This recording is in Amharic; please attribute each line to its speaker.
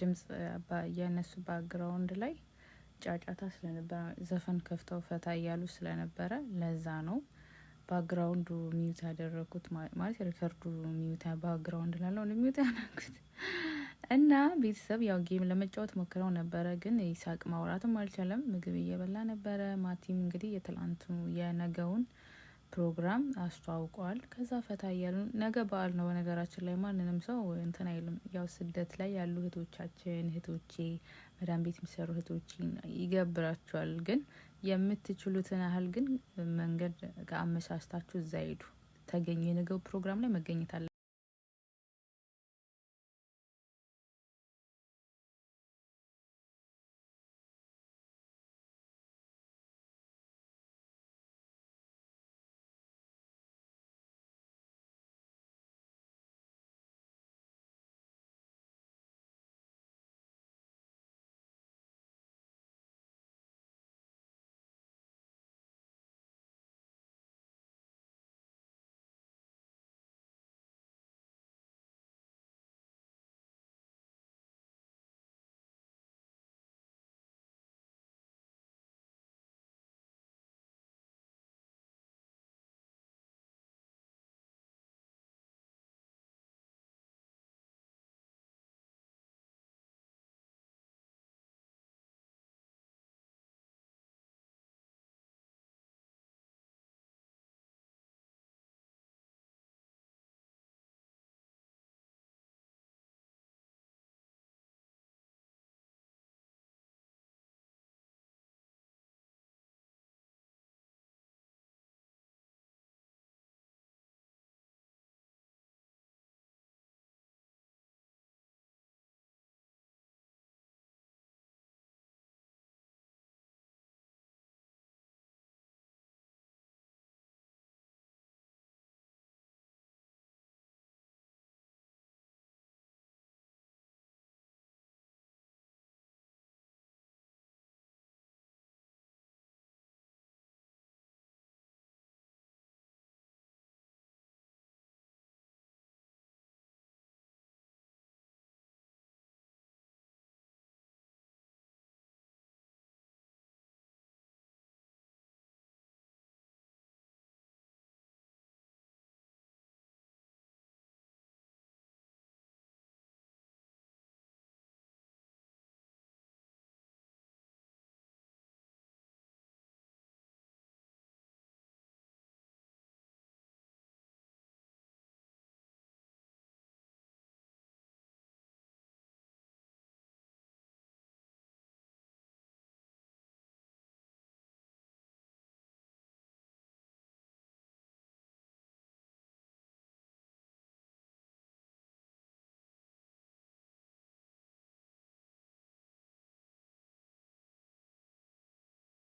Speaker 1: ድምጽ የእነሱ ባግራውንድ ላይ ጫጫታ ስለነበረ ዘፈን ከፍተው ፈታ እያሉ ስለነበረ ለዛ ነው ባግራውንዱ ሚዩት ያደረኩት። ማለት ሪከርዱ ሚዩት ባግራውንድ ላለው ሚዩት ያናኩት እና ቤተሰብ ያው ጌም ለመጫወት ሞክረው ነበረ፣ ግን ይሳቅ ማውራትም አልቻለም። ምግብ እየበላ ነበረ። ማቲም እንግዲህ የትላንቱ የነገውን ፕሮግራም አስተዋውቀዋል። ከዛ ፈታ እያሉ ነገ በዓል ነው። በነገራችን ላይ ማንንም ሰው እንትን አይልም። ያው ስደት ላይ ያሉ እህቶቻችን እህቶቼ፣ መዳን ቤት የሚሰሩ እህቶቼ ይገብራቸዋል። ግን የምትችሉትን ያህል ግን መንገድ አመሳስታችሁ እዛ ሄዱ፣ ተገኙ።
Speaker 2: የነገው ፕሮግራም ላይ መገኘት አለ